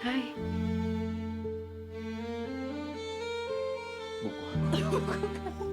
Hi. Mukha.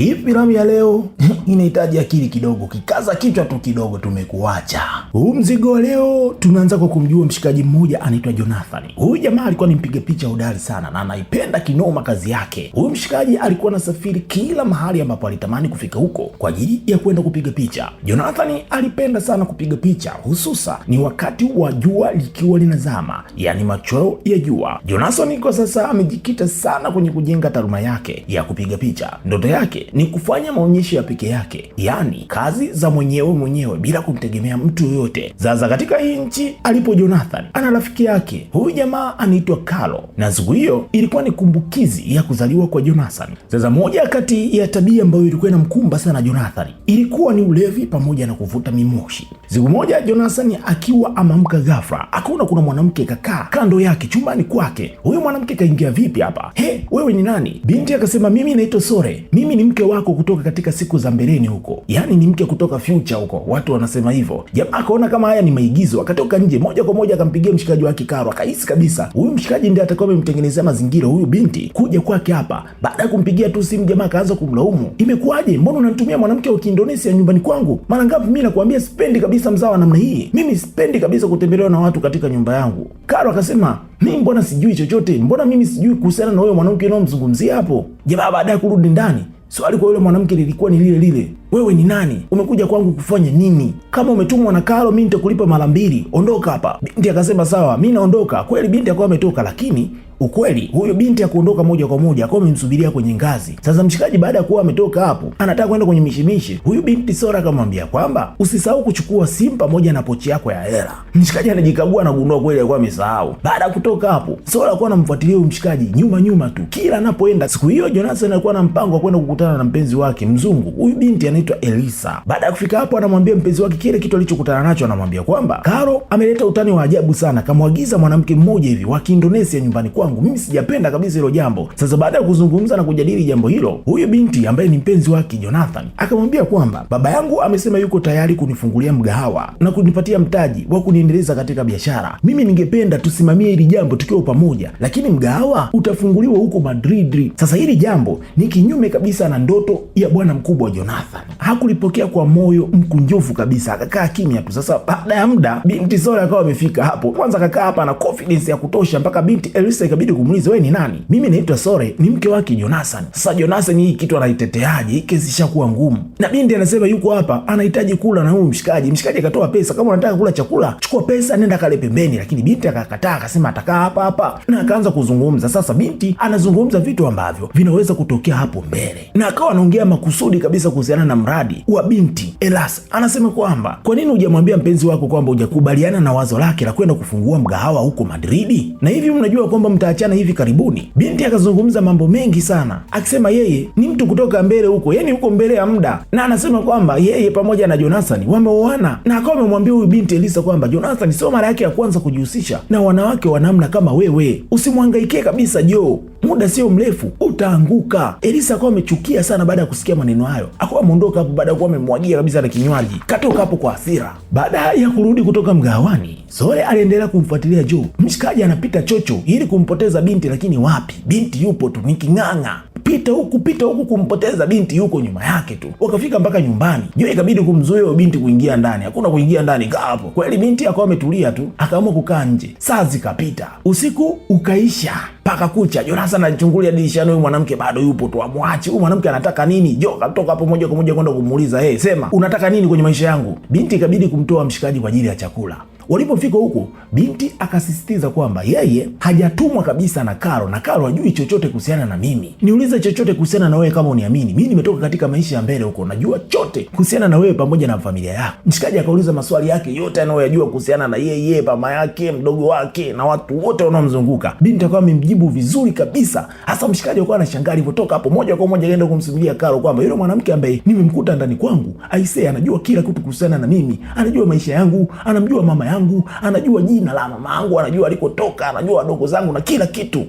Hii filamu ya leo inahitaji akili kidogo, kikaza kichwa tu kidogo, tumekuacha. Huu mzigo wa leo tunaanza kwa kumjua mshikaji mmoja anaitwa Jonathan. Huyu jamaa alikuwa ni mpiga picha hodari sana na anaipenda kinoma kazi yake. Huyu mshikaji alikuwa anasafiri kila mahali ambapo alitamani kufika huko kwa ajili ya kwenda kupiga picha. Jonathan alipenda sana kupiga picha, hususa ni wakati wa jua likiwa linazama, yani machweo ya jua. Jonathan kwa sasa amejikita sana kwenye kujenga taaluma yake ya kupiga picha. Ndoto yake ni kufanya maonyesho ya peke yake, yaani kazi za mwenyewe mwenyewe bila kumtegemea mtu yoyote. Zaza katika hii nchi alipo Jonathan ana rafiki yake, huyu jamaa anaitwa Carlo, na siku hiyo ilikuwa ni kumbukizi ya kuzaliwa kwa Jonathan. Zaza, moja kati ya tabia ambayo ilikuwa inamkumba sana Jonathan ilikuwa ni ulevi pamoja na kuvuta mimoshi. Siku moja Jonathan akiwa amamka ghafla, akaona kuna mwanamke kakaa kando yake chumbani kwake. Huyu mwanamke kaingia vipi hapa? He, wewe ni nani? Binti akasema mimi naitwa Sore, mimi ni mke mke wako kutoka katika siku za mbeleni huko, yaani ni mke kutoka future huko, watu wanasema hivyo. Jamaa akaona kama haya ni maigizo, akatoka nje moja kwa moja akampigia mshikaji wake karo, akahisi kabisa huyu mshikaji ndiye atakuwa amemtengenezea mazingira huyu binti kuja kwake hapa. Baada ya kumpigia tu simu, jamaa akaanza kumlaumu, imekuwaje? Mbona unamtumia mwanamke wa Kiindonesia nyumbani kwangu? Mara ngapi mimi nakwambia sipendi kabisa mzawa namna hii, mimi sipendi kabisa kutembelewa na watu katika nyumba yangu. Karo akasema mimi mbona sijui chochote, mbona mimi sijui kuhusiana na huyo mwanamke unaomzungumzia hapo. Jamaa baada ya kurudi ndani Swali kwa yule mwanamke lilikuwa ni lile lile, wewe ni nani? Umekuja kwangu kufanya nini? Kama umetumwa na Karo, mi nitakulipa mara mbili, ondoka hapa. Binti akasema sawa, mi naondoka. Kweli binti akawa ametoka, lakini ukweli huyo binti akuondoka moja kwa moja, akawa amemsubiria kwenye ngazi. Sasa mshikaji baada ya kuwa ametoka hapo, anataka kwenda kwenye mishimishi, huyu binti Sora akamwambia kwamba usisahau kuchukua simu pamoja na pochi yako ya hela. Mshikaji anajikagua anagundua kweli alikuwa amesahau. Baada ya kutoka hapo, Sora alikuwa anamfuatilia huyu mshikaji nyuma nyuma tu kila anapoenda. Siku hiyo Jonathan alikuwa na mpango wa kwenda kukutana na mpenzi wake mzungu, huyu binti anaitwa Elisa. Baada ya kufika hapo, anamwambia mpenzi wake kile kitu alichokutana nacho, anamwambia kwamba Karo ameleta utani wa ajabu sana, kamwagiza mwanamke mmoja hivi wa Kiindonesia nyumbani kwa wangu, mimi sijapenda kabisa hilo jambo. Sasa baada ya kuzungumza na kujadili jambo hilo, huyu binti ambaye ni mpenzi wake Jonathan akamwambia kwamba baba yangu amesema yuko tayari kunifungulia mgahawa na kunipatia mtaji wa kuniendeleza katika biashara. Mimi ningependa tusimamie hili jambo tukiwa pamoja, lakini mgahawa utafunguliwa huko Madrid. Sasa hili jambo ni kinyume kabisa na ndoto ya bwana mkubwa Jonathan. Hakulipokea kwa moyo mkunjufu kabisa, akakaa kimya tu. Sasa baada ya muda binti Sora akawa amefika hapo, kwanza akakaa hapa na confidence ya kutosha mpaka binti Elisa ikabidi kumuuliza wewe ni nani? Mimi naitwa Sore, ni mke wake Jonathan. Sasa Jonathan hii kitu anaiteteaje? Hii kesi ishakuwa ngumu, na binti anasema yuko hapa anahitaji kula na huyu mshikaji. Mshikaji akatoa pesa, kama unataka kula chakula chukua pesa, nenda kale pembeni, lakini binti akakataa, akasema atakaa hapa hapa, na akaanza kuzungumza. Sasa binti anazungumza vitu ambavyo vinaweza kutokea hapo mbele, na akawa anaongea makusudi kabisa kuhusiana na mradi wa binti Elas. Anasema kwamba kwa nini hujamwambia mpenzi wako kwamba hujakubaliana na wazo lake la kwenda kufungua mgahawa huko Madridi, na hivi mnajua kwamba mta wameachana hivi karibuni. Binti akazungumza mambo mengi sana, akisema yeye ni mtu kutoka mbele huko, yani huko mbele ya muda, na anasema kwamba yeye pamoja na Jonathan wameoana, na akawa amemwambia huyu binti Elisa kwamba Jonathan sio mara yake ya kwanza kujihusisha na wanawake wa namna kama wewe, usimhangaike kabisa Jo muda sio mrefu utaanguka. Elisa akawa amechukia sana baada ya kusikia maneno hayo, akawa ameondoka hapo baada ya kuwa amemwagia kabisa na kinywaji, katoka hapo kwa hasira. Baada ya kurudi kutoka mgawani Sole aliendelea kumfuatilia juu. Mshikaji anapita chocho ili kumpoteza binti, lakini wapi, binti yupo tu niking'ang'a kupita huku kupita huku kumpoteza binti, yuko nyuma yake tu. Wakafika mpaka nyumbani, jua ikabidi kumzuia huyo binti kuingia ndani. Hakuna kuingia ndani, kaa hapo. Kweli binti akawa ametulia tu, akaamua kukaa nje. Saa zikapita, usiku ukaisha mpaka kucha. Jonasa anachungulia dirishani, huyu mwanamke bado yupo tu, amwache huyu mwanamke. Anataka nini? Jo katoka hapo moja kwa moja kwenda kumuuliza yeye, hey, sema unataka nini kwenye maisha yangu? Binti ikabidi kumtoa mshikaji kwa ajili ya chakula. Walipofika huko, binti akasisitiza kwamba yeye hajatumwa kabisa na Karo na Karo hajui chochote kuhusiana na mimi. Niulize chochote kuhusiana na wewe kama uniamini, mimi nimetoka katika maisha ya mbele huko, najua chote kuhusiana na wewe pamoja na familia yako. Mshikaji akauliza maswali yake yote anayoyajua kuhusiana na yeye, mama yake, mdogo wake na watu wote wanaomzunguka. Binti akawa amemjibu vizuri kabisa, hasa mshikaji akawa anashangaa. Alivyotoka hapo, moja kwa moja akaenda kumsimulia Karo kwamba yule mwanamke ambaye nimemkuta ndani kwangu aisee, anajua kila kitu kuhusiana na mimi, anajua maisha yangu, anamjua mama yangu yangu, anajua jina la mama yangu, anajua alikotoka, anajua wadogo zangu na kila kitu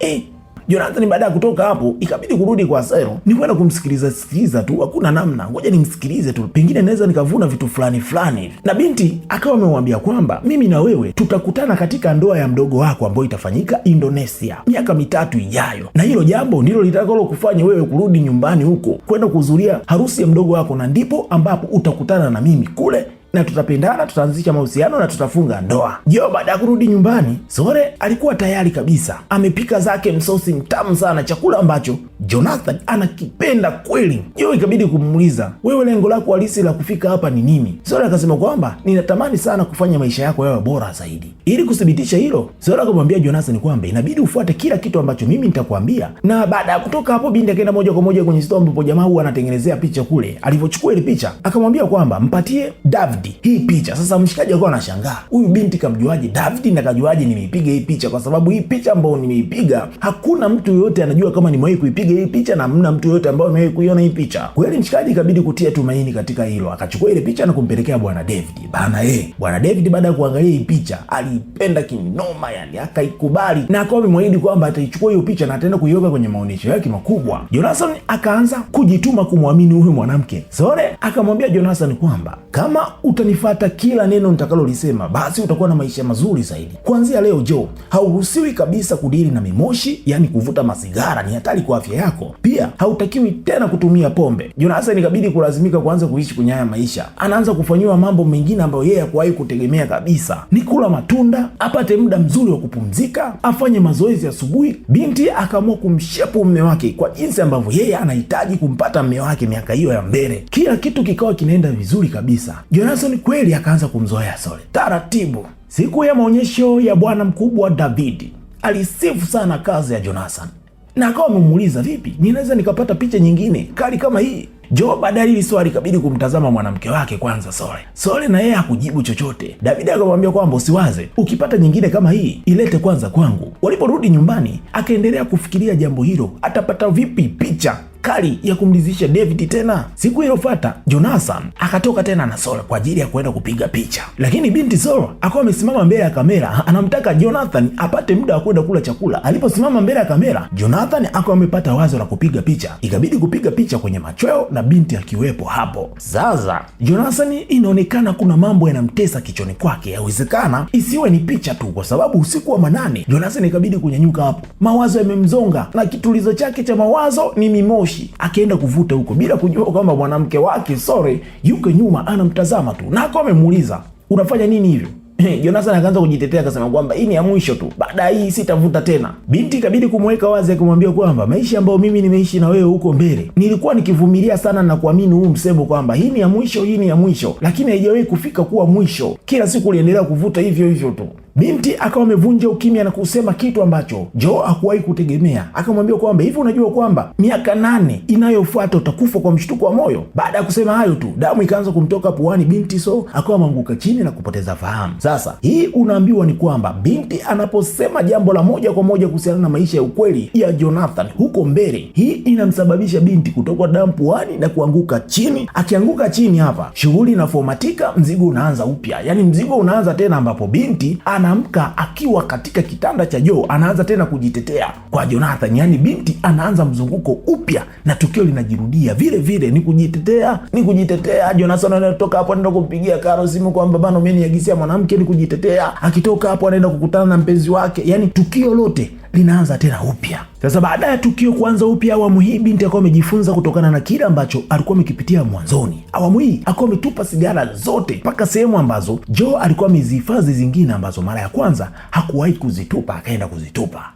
e. Jonathan baada ya kutoka hapo ikabidi kurudi kwa Sero. Ni kwenda kumsikiliza sikiliza tu, hakuna namna. Ngoja nimsikilize tu. Pengine naweza nikavuna vitu fulani fulani. Na binti akawa amemwambia kwamba mimi na wewe tutakutana katika ndoa ya mdogo wako ambayo itafanyika Indonesia miaka mitatu ijayo. Na hilo jambo ndilo litakalo kufanya wewe kurudi nyumbani huko kwenda kuhudhuria harusi ya mdogo wako na ndipo ambapo utakutana na mimi kule na tutapendana, tutaanzisha mahusiano na tutafunga ndoa. Jo baada ya kurudi nyumbani, Sore alikuwa tayari kabisa, amepika zake msosi mtamu sana, chakula ambacho Jonathan anakipenda kweli. Jo ikabidi kumuuliza, wewe lengo lako halisi la kufika hapa ni nini? Sore akasema kwamba ninatamani sana kufanya maisha yako yawe bora zaidi. Ili kuthibitisha hilo, Sore akamwambia Jonathan kwamba inabidi ufuate kila kitu ambacho mimi nitakwambia. Na baada ya kutoka hapo, binti akaenda moja kwa moja kwenye store ambapo jamaa huwa anatengenezea picha kule. Alivyochukua ile picha, akamwambia kwamba mpatie David Davidi hii picha. Sasa mshikaji alikuwa anashangaa huyu binti kamjuaje Davidi na kajuaje nimeipiga hii picha, kwa sababu hii picha ambayo nimeipiga hakuna mtu yoyote anajua kama nimewahi kuipiga hii picha na hamna mtu yoyote ambaye amewahi kuiona hii picha. Kweli mshikaji ikabidi kutia tumaini katika hilo, akachukua ile picha na kumpelekea bwana Davidi bana. Eh, bwana Davidi baada ya kuangalia hii picha aliipenda kinoma, yani akaikubali na akawa amemwahidi kwamba ataichukua hiyo picha na ataenda kuiweka kwenye maonyesho yake makubwa. Jonathan akaanza kujituma kumwamini huyu mwanamke Sore. Akamwambia Jonathan kwamba kama utanifata kila neno nitakalolisema, basi utakuwa na maisha mazuri zaidi. Kuanzia leo, Joe, hauruhusiwi kabisa kudili na mimoshi, yani kuvuta masigara, ni hatari kwa afya yako. Pia hautakiwi tena kutumia pombe. Jonasa ikabidi kulazimika kuanza kuishi kwenye haya maisha. Anaanza kufanyiwa mambo mengine ambayo yeye hakuwahi kutegemea kabisa, ni kula matunda, apate muda mzuri wa kupumzika, afanye mazoezi asubuhi. Binti akaamua kumshepu mme wake kwa jinsi ambavyo yeye anahitaji kumpata mme wake miaka hiyo ya mbele. Kila kitu kikawa kinaenda vizuri kabisa Samson kweli akaanza kumzoea Sauli taratibu. Siku ya maonyesho ya bwana mkubwa Davidi alisifu sana kazi ya Jonathan na akawa amemuuliza vipi, ninaweza nikapata picha nyingine kali kama hii? Job badala hili swali ikabidi kumtazama mwanamke wake kwanza Sole. Sole na yeye hakujibu chochote. Davidi akamwambia kwamba usiwaze, ukipata nyingine kama hii ilete kwanza kwangu. Waliporudi nyumbani, akaendelea kufikiria jambo hilo, atapata vipi picha kali ya kumridhisha David tena. Siku iliyofuata Jonathan akatoka tena na Sora kwa ajili ya kwenda kupiga picha, lakini binti Sora akawa amesimama mbele ya kamera, anamtaka Jonathan apate muda wa kwenda kula chakula. Aliposimama mbele ya kamera, Jonathan akawa amepata wazo la kupiga picha, ikabidi kupiga picha kwenye machweo na binti akiwepo hapo. Sasa Jonathan, inaonekana kuna mambo yanamtesa kichoni kwake, yawezekana isiwe ni picha tu, kwa sababu usiku wa manane Jonathan ikabidi kunyanyuka hapo, mawazo yamemzonga na kitulizo chake cha mawazo ni mimosha ushi, akienda kuvuta huko bila kujua kwamba mwanamke wake sore yuko nyuma anamtazama tu, na akawa amemuuliza unafanya nini hivyo? Jonathan akaanza kujitetea akasema kwamba hii ni ya mwisho tu, baada ya hii sitavuta tena. Binti ikabidi kumweka wazi, akimwambia kwamba maisha ambayo mimi nimeishi na wewe huko mbele, nilikuwa nikivumilia sana na kuamini huu msemo kwamba hii ni ya mwisho, hii ni ya mwisho, lakini haijawahi kufika kuwa mwisho. Kila siku uliendelea kuvuta hivyo hivyo tu. Binti akawa amevunja ukimya na kusema kitu ambacho Joe hakuwahi kutegemea. Akamwambia kwamba hivi, unajua kwamba miaka nane inayofuata utakufa kwa mshtuko wa moyo. Baada ya kusema hayo tu, damu ikaanza kumtoka puani binti, so akawa ameanguka chini na kupoteza fahamu. Sasa hii unaambiwa ni kwamba binti anaposema jambo la moja kwa moja kuhusiana na maisha ya ukweli ya Jonathan huko mbele, hii inamsababisha binti kutokwa damu puani na kuanguka chini. Akianguka chini hapa, shughuli inafomatika, mzigo unaanza upya, yaani mzigo unaanza tena, ambapo binti ana anaamka akiwa katika kitanda cha Joe, anaanza tena kujitetea kwa Jonathan. Yaani binti anaanza mzunguko upya na tukio linajirudia vile vile, ni kujitetea, ni kujitetea. Jonathan anatoka hapo anaenda kumpigia Karo simu kwamba bana, mimi niagisia mwanamke, ni kujitetea. Akitoka hapo anaenda kukutana na mpenzi wake, yaani tukio lote linaanza tena upya. Sasa baada ya tukio kuanza upya, awamu hii binti akawa amejifunza kutokana na kile ambacho alikuwa amekipitia mwanzoni. Awamu hii akawa ametupa sigara zote mpaka sehemu ambazo jo alikuwa amezihifadhi zingine ambazo mara ya kwanza hakuwahi kuzitupa, akaenda kuzitupa.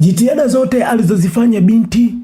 Jitihada zote alizozifanya binti,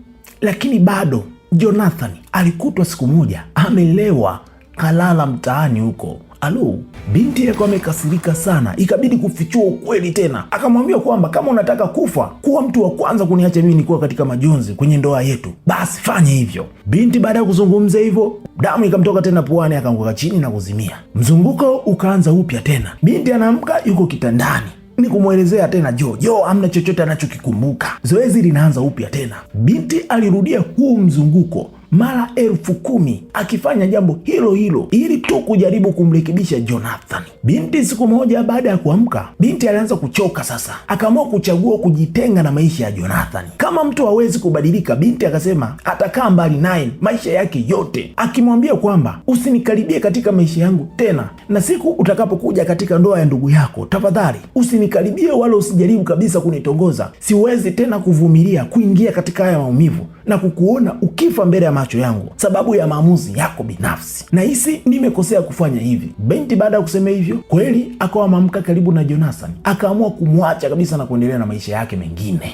lakini bado Jonathan alikutwa siku moja amelewa, kalala mtaani huko Alo, binti yako amekasirika sana, ikabidi kufichua ukweli tena. Akamwambia kwamba kama unataka kufa, kuwa mtu wa kwanza kuniacha mimi nikuwa katika majonzi kwenye ndoa yetu, basi fanye hivyo. Binti baada ya kuzungumza hivyo, damu ikamtoka tena puani, akaanguka chini na kuzimia. Mzunguko ukaanza upya tena, binti anaamka, yuko kitandani ni kumwelezea tena Jo. Jo amna chochote anachokikumbuka, zoezi linaanza upya tena. Binti alirudia huu mzunguko mara elfu kumi akifanya jambo hilo hilo ili tu kujaribu kumrekebisha Jonathan. Binti siku moja baada ya kuamka, binti alianza kuchoka sasa, akaamua kuchagua kujitenga na maisha ya Jonathan. Kama mtu hawezi kubadilika, binti akasema atakaa mbali naye maisha yake yote, akimwambia kwamba usinikaribie katika maisha yangu tena, na siku utakapokuja katika ndoa ya ndugu yako, tafadhali usinikaribie wala usijaribu kabisa kunitongoza. Siwezi tena kuvumilia kuingia katika haya maumivu na kukuona ukifa mbele ya macho yangu, sababu ya maamuzi yako binafsi. Nahisi nimekosea kufanya hivi. Binti baada ya kusema hivyo, kweli akawa mamka karibu na Jonathan, akaamua kumwacha kabisa na kuendelea na maisha yake mengine.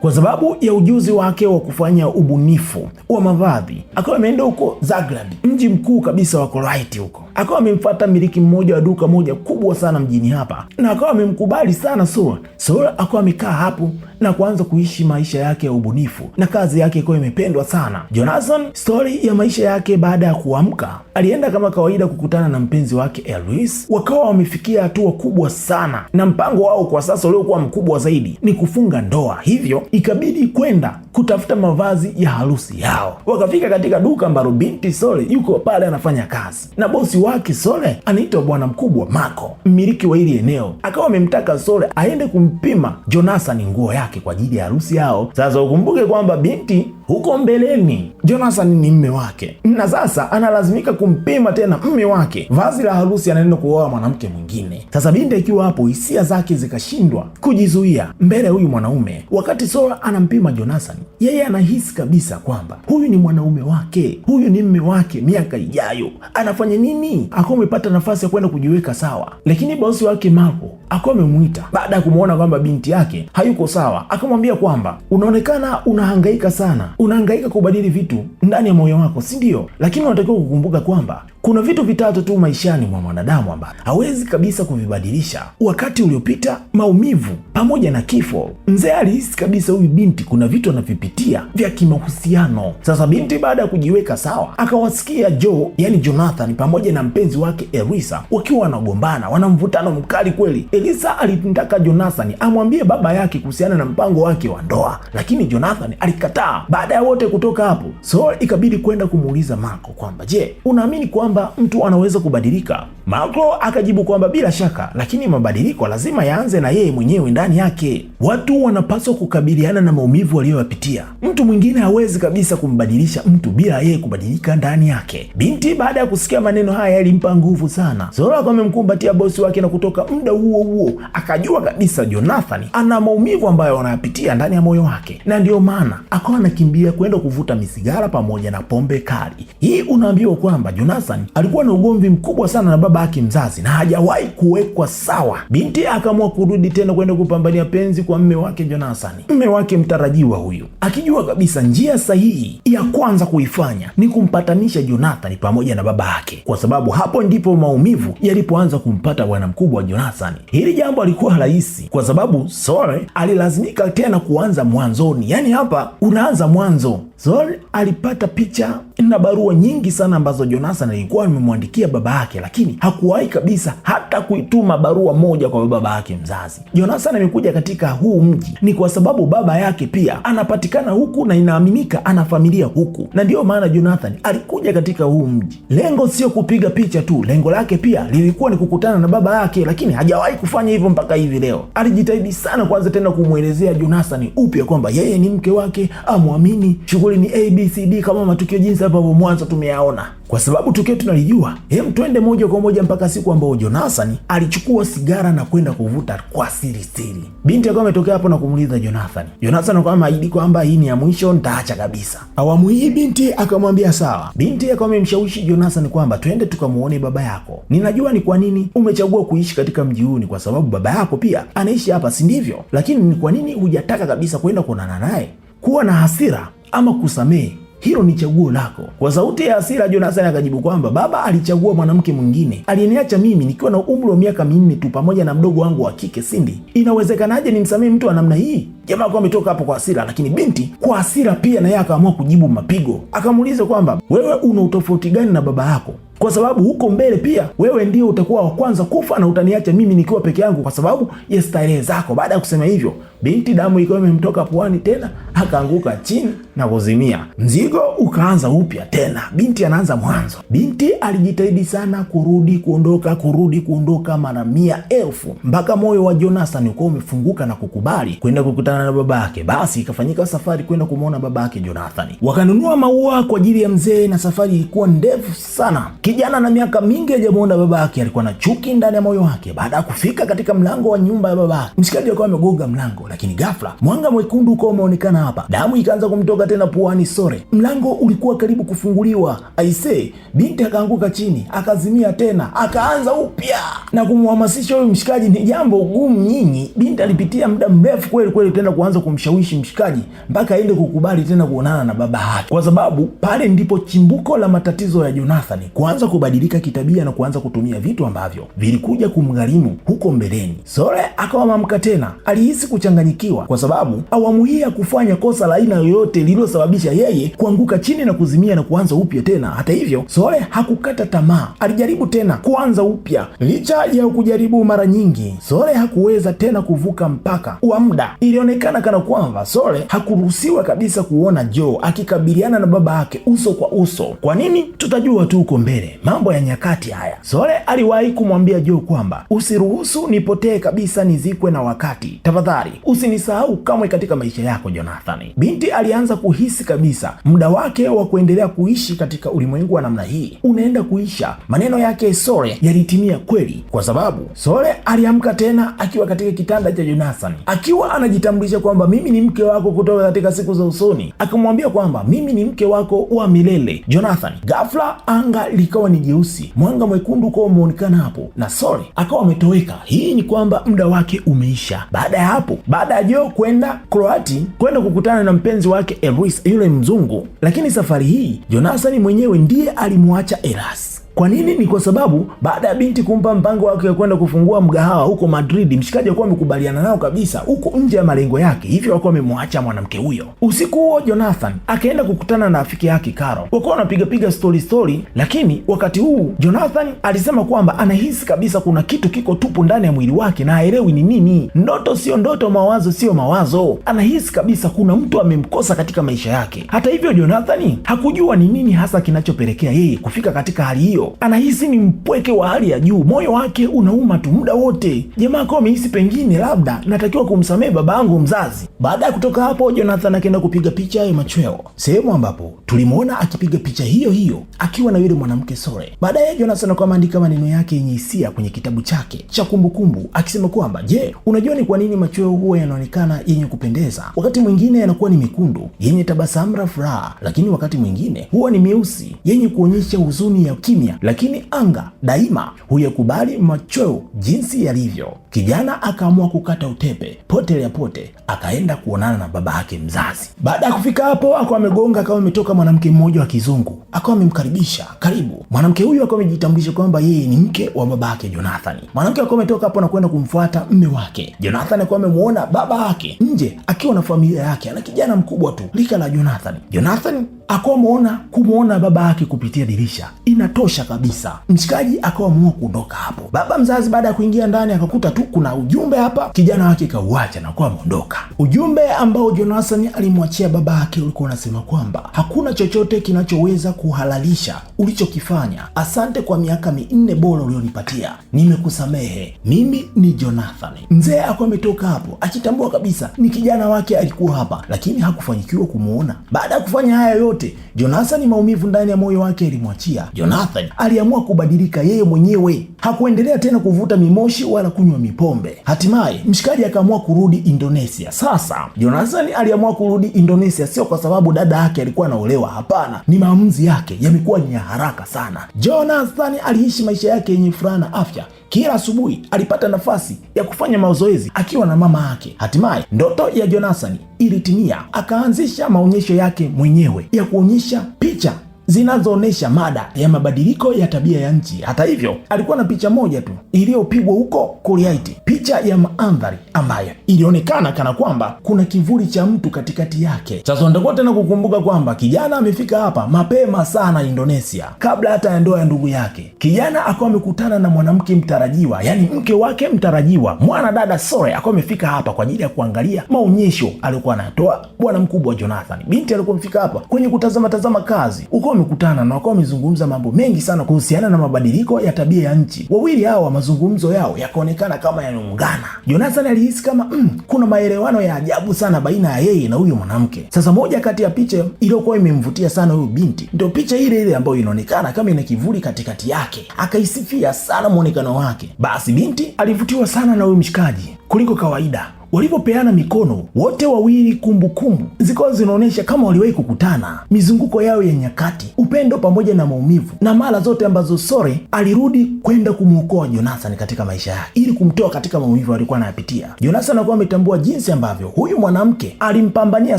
Kwa sababu ya ujuzi wake wa kufanya ubunifu wa mavazi, akawa ameenda huko Zagreb, mji mkuu kabisa wa Croatia. Huko akawa amemfuata miliki mmoja wa duka moja kubwa sana mjini hapa, na akawa amemkubali sana Sora. Sora akawa amekaa hapo na kuanza kuishi maisha yake ya ubunifu na kazi yake ikawa imependwa sana. Jonathan, stori ya maisha yake baada ya kuamka, alienda kama kawaida kukutana na mpenzi wake Elvis, wakawa wamefikia hatua kubwa sana, na mpango wao kwa sasa uliokuwa mkubwa zaidi ni kufunga ndoa, hivyo ikabidi kwenda kutafuta mavazi ya harusi yao. Wakafika katika duka ambalo binti Sole yuko pale anafanya kazi, na bosi wake Sole anaitwa bwana mkubwa Marco, mmiliki wa hili eneo, akawa amemtaka Sole aende kumpima Jonathan nguo yake wake kwa ajili ya harusi yao. Sasa ukumbuke kwamba binti huko mbeleni Jonathan ni mme wake, na sasa analazimika kumpima tena mme wake vazi la harusi, anaenda kuoa mwanamke mwingine. Sasa binti akiwa hapo, hisia zake zikashindwa kujizuia mbele ya huyu mwanaume. Wakati Sora anampima Jonathan, yeye anahisi kabisa kwamba huyu ni mwanaume wake, huyu ni mme wake miaka ijayo. Anafanya nini? Akawa amepata nafasi ya kwenda kujiweka sawa, lakini bosi wake Marco akawa amemwita baada ya kumwona kwamba binti yake hayuko sawa, akamwambia kwamba unaonekana unahangaika sana unahangaika kubadili vitu ndani ya moyo wako, si ndio? Lakini unatakiwa kukumbuka kwamba kuna vitu vitatu tu maishani mwa mwanadamu ambavyo hawezi kabisa kuvibadilisha: wakati uliopita, maumivu pamoja na kifo. Mzee alihisi kabisa huyu binti kuna vitu anavipitia vya kimahusiano. Sasa binti baada ya kujiweka sawa, akawasikia Joe, yani Jonathan pamoja na mpenzi wake Elisa wakiwa wanagombana, wana mvutano mkali kweli. Elisa alitaka Jonathan amwambie baba yake kuhusiana na mpango wake wa ndoa, lakini Jonathan alikataa. Baada ya wote kutoka hapo, Saul ikabidi kwenda kumuuliza Marko kwamba je, unaamini kwamba mtu anaweza kubadilika? Marko akajibu kwamba bila shaka, lakini mabadiliko lazima yaanze na yeye mwenyewe ndani yake. Watu wanapaswa kukabiliana na maumivu waliyoyapitia. Mtu mwingine hawezi kabisa kumbadilisha mtu bila yeye kubadilika ndani yake. Binti baada ya kusikia maneno haya yalimpa nguvu sana. Saul alikuwa amemkumbatia bosi wake, na kutoka muda huo huo akajua kabisa Jonathan ana maumivu ambayo wanayapitia ndani ya moyo wake, na ndiyo maana akawa anakimbia kukimbia kwenda kuvuta misigara pamoja na pombe kali. Hii unaambiwa kwamba Jonathan alikuwa na ugomvi mkubwa sana na baba yake mzazi na hajawahi kuwekwa sawa. Binti akaamua kurudi tena kwenda kupambania penzi kwa mme wake Jonathan, mme wake mtarajiwa huyu, akijua kabisa njia sahihi ya kwanza kuifanya ni kumpatanisha Jonathan pamoja na baba yake, kwa sababu hapo ndipo maumivu yalipoanza kumpata bwana mkubwa wa Jonathan. Hili jambo alikuwa rahisi kwa sababu Sore alilazimika tena kuanza mwanzoni, yaani hapa unaanza mwanzo mwanzo. Zol alipata picha na barua nyingi sana ambazo Jonathan alikuwa amemwandikia baba yake, lakini hakuwahi kabisa hata kuituma barua moja kwa baba yake mzazi. Jonathan amekuja katika huu mji ni kwa sababu baba yake pia anapatikana huku na inaaminika ana familia huku, na ndiyo maana Jonathan alikuja katika huu mji. Lengo sio kupiga picha tu, lengo lake pia lilikuwa ni kukutana na baba yake, lakini hajawahi kufanya hivyo mpaka hivi leo. Alijitahidi sana kwanza tena kumwelezea Jonathan upya kwamba yeye ni mke wake amwamini nini, shughuli ni abcd kama matukio jinsi ambavyo mwanzo tumeyaona. Kwa sababu tukio tunalijua, hem, twende moja kwa moja mpaka siku ambayo Jonathan alichukua sigara na kwenda kuvuta kwa sirisiri. Binti akawa ametokea hapo na kumuuliza Jonathan. Jonathan akawa ameahidi kwamba hii ni ya mwisho, ntaacha kabisa. Awamu hii binti akamwambia sawa. Binti akawa amemshawishi Jonathan kwamba twende tukamuone baba yako. Ninajua ni kwa nini umechagua kuishi katika mji huu, ni kwa sababu baba yako pia anaishi hapa, si ndivyo? Lakini ni kwa nini hujataka kabisa kwenda kuonana naye? kuwa na hasira ama kusamehe, hilo ni chaguo lako. Kwa sauti ya hasira, Jonathani akajibu kwamba baba alichagua mwanamke mwingine aliyeniacha mimi nikiwa na umri wa miaka minne tu pamoja na mdogo wangu wa kike Cindy. Inawezekanaje nimsamehe mtu wa namna hii? Jamaa alikuwa ametoka hapo kwa hasira, lakini binti kwa hasira pia naye akaamua kujibu mapigo. Akamuuliza kwamba wewe una utofauti gani na baba yako? kwa sababu huko mbele pia wewe ndio utakuwa wa kwanza kufa na utaniacha mimi nikiwa peke yangu, kwa sababu ya starehe zako. Baada ya kusema hivyo, binti damu ikiwa imemtoka puani tena, akaanguka chini na kuzimia. Mzigo ukaanza upya tena, binti anaanza mwanzo. Binti alijitahidi sana kurudi, kuondoka, kurudi, kuondoka mara mia elfu, mpaka moyo wa Jonathan ukuwa umefunguka na kukubali kwenda kukutana na baba yake. Basi ikafanyika safari kwenda kumwona baba yake Jonathan. Wakanunua maua kwa ajili ya mzee, na safari ilikuwa ndefu sana. Kijana na miaka mingi hajamwona baba yake, alikuwa na chuki ndani ya moyo wake. Baada ya kufika katika mlango wa nyumba ya baba yake, mshikaji akawa amegonga mlango, lakini ghafla mwanga mwekundu ukawa umeonekana hapa, damu ikaanza kumtoka kutoka tena puani sore. Mlango ulikuwa karibu kufunguliwa, aise, binti akaanguka chini, akazimia tena, akaanza upya na kumhamasisha huyu mshikaji. Ni jambo gumu nyinyi, binti alipitia muda mrefu kweli kweli, tena kuanza kumshawishi mshikaji mpaka aende kukubali tena kuonana na baba yake, kwa sababu pale ndipo chimbuko la matatizo ya Jonathan kuanza kubadilika kitabia na kuanza kutumia vitu ambavyo vilikuja kumgharimu huko mbeleni. Sore akawa mamka tena, alihisi kuchanganyikiwa kwa sababu awamu hii ya kufanya kosa la aina yoyote lililosababisha yeye kuanguka chini na kuzimia na kuanza upya tena. Hata hivyo, Sole hakukata tamaa, alijaribu tena kuanza upya. Licha ya kujaribu mara nyingi, Sole hakuweza tena kuvuka mpaka wa muda. Ilionekana kana kwamba Sole hakuruhusiwa kabisa kuona Joe akikabiliana na baba yake uso kwa uso. Kwa nini? Tutajua tu huko mbele. Mambo ya nyakati haya. Sole aliwahi kumwambia Joe kwamba usiruhusu nipotee kabisa, nizikwe na wakati. Tafadhali usinisahau kamwe katika maisha yako Jonathan. Binti alianza kuhisi kabisa muda wake wa kuendelea kuishi katika ulimwengu wa namna hii unaenda kuisha. Maneno yake Sore yalitimia kweli, kwa sababu Sore aliamka tena akiwa katika kitanda cha Jonathan akiwa anajitambulisha kwamba mimi ni mke wako kutoka katika siku za usoni, akamwambia kwamba mimi ni mke wako wa milele Jonathan. Ghafla anga likawa ni jeusi, mwanga mwekundu ukawa umeonekana hapo na Sore akawa ametoweka. Hii ni kwamba muda wake umeisha. Baada ya hapo, baada ya Joe kwenda Kroati kwenda kukutana na mpenzi wake Luis yule mzungu, lakini safari hii Jonathan mwenyewe ndiye alimwacha Eras kwa nini? Ni kwa sababu baada ya binti kumpa mpango wake wa kwenda kufungua mgahawa huko Madrid, mshikaji alikuwa amekubaliana nao kabisa, huko nje ya malengo yake, hivyo alikuwa amemwacha mwanamke huyo. Usiku huo Jonathan akaenda kukutana na rafiki yake karo wakuwa wanapigapiga stori stori, lakini wakati huu Jonathan alisema kwamba anahisi kabisa kuna kitu kiko tupu ndani ya mwili wake na haelewi ni nini. Ndoto sio ndoto, mawazo sio mawazo, anahisi kabisa kuna mtu amemkosa katika maisha yake. Hata hivyo, Jonathan hakujua ni nini hasa kinachopelekea yeye kufika katika hali hiyo hiyo anahisi ni mpweke wa hali ya juu, moyo wake unauma tu muda wote. Jamaa kwa amehisi pengine labda natakiwa kumsamehe baba yangu mzazi. Baada ya kutoka hapo, Jonathan akaenda kupiga picha ya machweo, sehemu ambapo tulimwona akipiga picha hiyo hiyo akiwa na yule mwanamke Sore. Baadaye Jonathan akawa ameandika maneno yake yenye hisia kwenye kitabu chake cha kumbukumbu akisema kwamba, je, unajua ni kwa nini machweo huwa yanaonekana yenye kupendeza? Wakati mwingine yanakuwa ni mekundu yenye tabasamu la furaha, lakini wakati mwingine huwa ni meusi yenye kuonyesha huzuni ya kimya dunia, lakini anga daima huyakubali machweo jinsi yalivyo. Kijana akaamua kukata utepe potelea pote, akaenda kuonana na baba yake mzazi. Baada ya kufika hapo, akawa amegonga, akawa ametoka mwanamke mmoja wa kizungu, akawa amemkaribisha karibu. Mwanamke huyu akawa amejitambulisha kwamba yeye ni mke wa baba yake Jonathan. Mwanamke akawa ametoka hapo na kwenda kumfuata mme wake. Jonathan akawa amemwona baba yake nje akiwa na familia yake, ana kijana mkubwa tu lika la Jonathan. Jonathan akawa ameona kumwona baba yake kupitia dirisha inatosha kuisha kabisa. Mshikaji akawa kuondoka hapo. Baba mzazi baada ya kuingia ndani akakuta tu kuna ujumbe hapa, kijana wake kauacha na kuwa ameondoka. Ujumbe ambao Jonathan alimwachia baba yake ulikuwa unasema kwamba hakuna chochote kinachoweza kuhalalisha ulichokifanya. Asante kwa miaka minne bora ulionipatia, nimekusamehe. Mimi ni Jonathan. Mzee ako ametoka hapo akitambua kabisa ni kijana wake alikuwa hapa, lakini hakufanikiwa kumwona. Baada ya kufanya haya yote, Jonathan maumivu ndani ya moyo wake yalimwachia Jonathan aliamua kubadilika yeye mwenyewe, hakuendelea tena kuvuta mimoshi wala kunywa mipombe. Hatimaye mshikaji akaamua kurudi Indonesia. Sasa Jonathan aliamua kurudi Indonesia sio kwa sababu dada yake alikuwa anaolewa, hapana, ni maamuzi yake yamekuwa ni ya haraka sana. Jonathan aliishi maisha yake yenye furaha na afya. Kila asubuhi alipata nafasi ya kufanya mazoezi akiwa na mama yake. Hatimaye ndoto ya Jonathan ilitimia, akaanzisha maonyesho yake mwenyewe ya kuonyesha picha zinazoonyesha mada ya mabadiliko ya tabia ya nchi. Hata hivyo, alikuwa na picha moja tu iliyopigwa huko Kuliaiti, picha ya maandhari ambayo ilionekana kana kwamba kuna kivuli cha mtu katikati yake. Sasa nitakuwa tena kukumbuka kwamba kijana amefika hapa mapema sana Indonesia, kabla hata ya ndoa ya ndugu yake. Kijana akawa amekutana na mwanamke mtarajiwa, yani mke wake mtarajiwa, mwana dada Sore, akawa amefika hapa kwa ajili ya kuangalia maonyesho aliyokuwa anatoa bwana mkubwa Jonathan. Binti alikuwa amefika hapa kwenye kutazama tazama kazi uko wamekutana na wakawa wamezungumza mambo mengi sana kuhusiana na mabadiliko ya tabia ya nchi. Wawili hawa mazungumzo yao yakaonekana kama yanaungana. Jonathan alihisi kama mm, kuna maelewano ya ajabu sana baina ya yeye na huyo mwanamke. Sasa moja kati ya picha iliyokuwa imemvutia sana huyu binti ndio picha ile ile ambayo inaonekana kama ina kivuli katikati yake, akaisifia sana mwonekano wake. Basi binti alivutiwa sana na huyu mshikaji kuliko kawaida. Walipopeana mikono wote wawili, kumbukumbu zikawa zinaonyesha kama waliwahi kukutana. Mizunguko yao ya nyakati, upendo pamoja na maumivu, na mara zote ambazo Sore alirudi kwenda kumwokoa Jonathan katika maisha yake ili kumtoa katika maumivu alikuwa anayapitia. Jonathan akuwa ametambua jinsi ambavyo huyu mwanamke alimpambania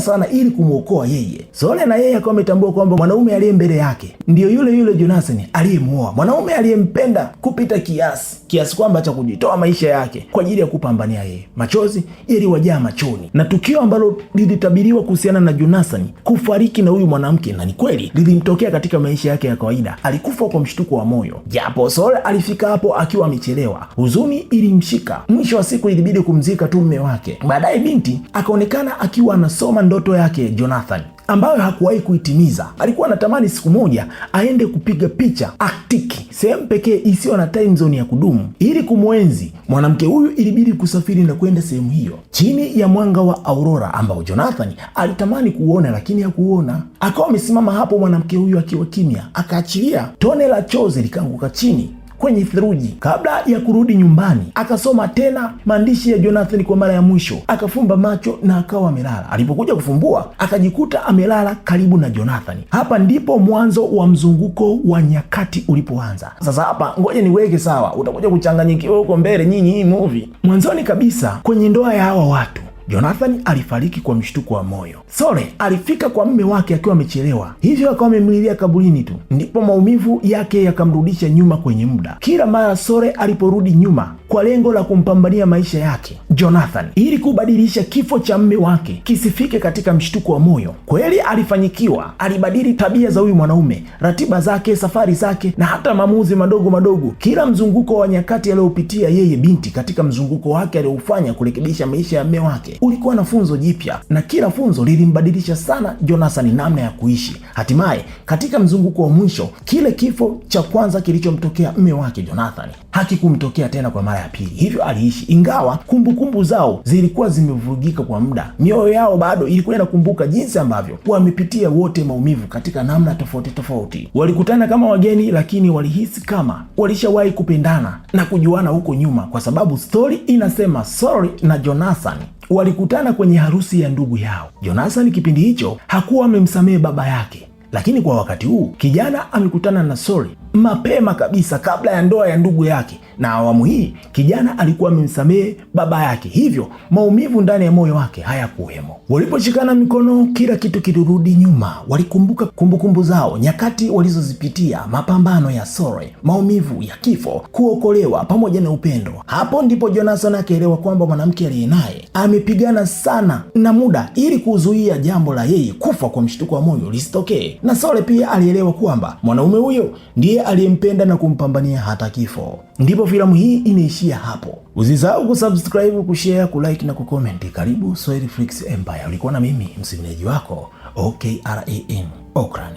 sana ili kumwokoa yeye. Sore na yeye akawa ametambua kwamba mwanaume aliye mbele yake ndiyo yule yule Jonathan aliyemuoa, mwanaume aliyempenda kupita kiasi, kiasi kwamba cha kujitoa maisha yake kwa ajili ya kupambania yeye, machozi yaliwajaa machoni, na tukio ambalo lilitabiriwa kuhusiana na Junasani kufariki na huyu mwanamke, na ni kweli lilimtokea katika maisha yake ya kawaida. Alikufa kwa mshtuko wa moyo, japo sole alifika hapo akiwa amechelewa. Huzuni ilimshika, mwisho wa siku ilibidi kumzika tu mme wake. Baadaye binti akaonekana akiwa anasoma ndoto yake Jonathan ambayo hakuwahi kuitimiza. Alikuwa anatamani siku moja aende kupiga picha Aktiki, sehemu pekee isiyo na time zone ya kudumu. Ili kumwenzi mwanamke huyu, ilibidi kusafiri na kwenda sehemu hiyo chini ya mwanga wa aurora ambao Jonathan alitamani kuuona, lakini hakuona. Akawa amesimama hapo mwanamke huyu akiwa kimya, akaachilia tone la chozi likaanguka chini kwenye theluji. Kabla ya kurudi nyumbani, akasoma tena maandishi ya Jonathan kwa mara ya mwisho, akafumba macho na akawa amelala. Alipokuja kufumbua, akajikuta amelala karibu na Jonathan. Hapa ndipo mwanzo wa mzunguko wa nyakati ulipoanza. Sasa hapa ngoja niweke sawa, utakuja kuchanganyikiwa huko mbele. Nyinyi hii movie mwanzoni kabisa kwenye ndoa ya hawa watu Jonathan alifariki kwa mshtuko wa moyo. Sole alifika kwa mme wake akiwa amechelewa, hivyo akawa amemlilia kaburini tu, ndipo maumivu yake yakamrudisha nyuma kwenye muda. Kila mara Sole aliporudi nyuma kwa lengo la kumpambania maisha yake Jonathan, ili kubadilisha kifo cha mme wake kisifike katika mshtuko wa moyo, kweli alifanyikiwa. Alibadili tabia za huyu mwanaume, ratiba zake, safari zake, na hata maamuzi madogo madogo. Kila mzunguko wa nyakati aliyopitia yeye binti katika mzunguko wake alioufanya kurekebisha maisha ya mme wake ulikuwa na funzo jipya, na kila funzo lilimbadilisha sana Jonathan namna ya kuishi. Hatimaye katika mzunguko wa mwisho, kile kifo cha kwanza kilichomtokea mme wake Jonathan hakikumtokea tena kwa mara ya pili, hivyo aliishi, ingawa kumbukumbu kumbu zao zilikuwa zimevurugika kwa muda. Mioyo yao bado ilikuwa inakumbuka jinsi ambavyo wamepitia wote maumivu katika namna tofauti tofauti. Walikutana kama wageni, lakini walihisi kama walishawahi kupendana na kujuana huko nyuma, kwa sababu stori inasema Sori na Jonathan walikutana kwenye harusi ya ndugu yao. Jonathan kipindi hicho hakuwa amemsamehe baba yake, lakini kwa wakati huu kijana amekutana na Sori mapema kabisa kabla ya ndoa ya ndugu yake, na awamu hii kijana alikuwa amemsamehe baba yake, hivyo maumivu ndani ya moyo wake hayakuwemo. Waliposhikana mikono, kila kitu kilirudi nyuma. Walikumbuka kumbukumbu zao, nyakati walizozipitia, mapambano ya sore, maumivu ya kifo, kuokolewa pamoja na upendo. Hapo ndipo Jonathan akaelewa kwamba mwanamke aliye naye amepigana sana na muda ili kuzuia jambo la yeye kufa kwa mshtuko wa moyo lisitokee, na Sore pia alielewa kwamba mwanaume huyo ndiye aliyempenda na kumpambania hata kifo. Ndipo filamu hii imeishia hapo. Usisahau kusubscribe, kushare, kulike na kucomment. Karibu Swahiliflix Empire, ulikuwa na mimi msimuliaji wako OKRAN Okran.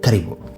Karibu.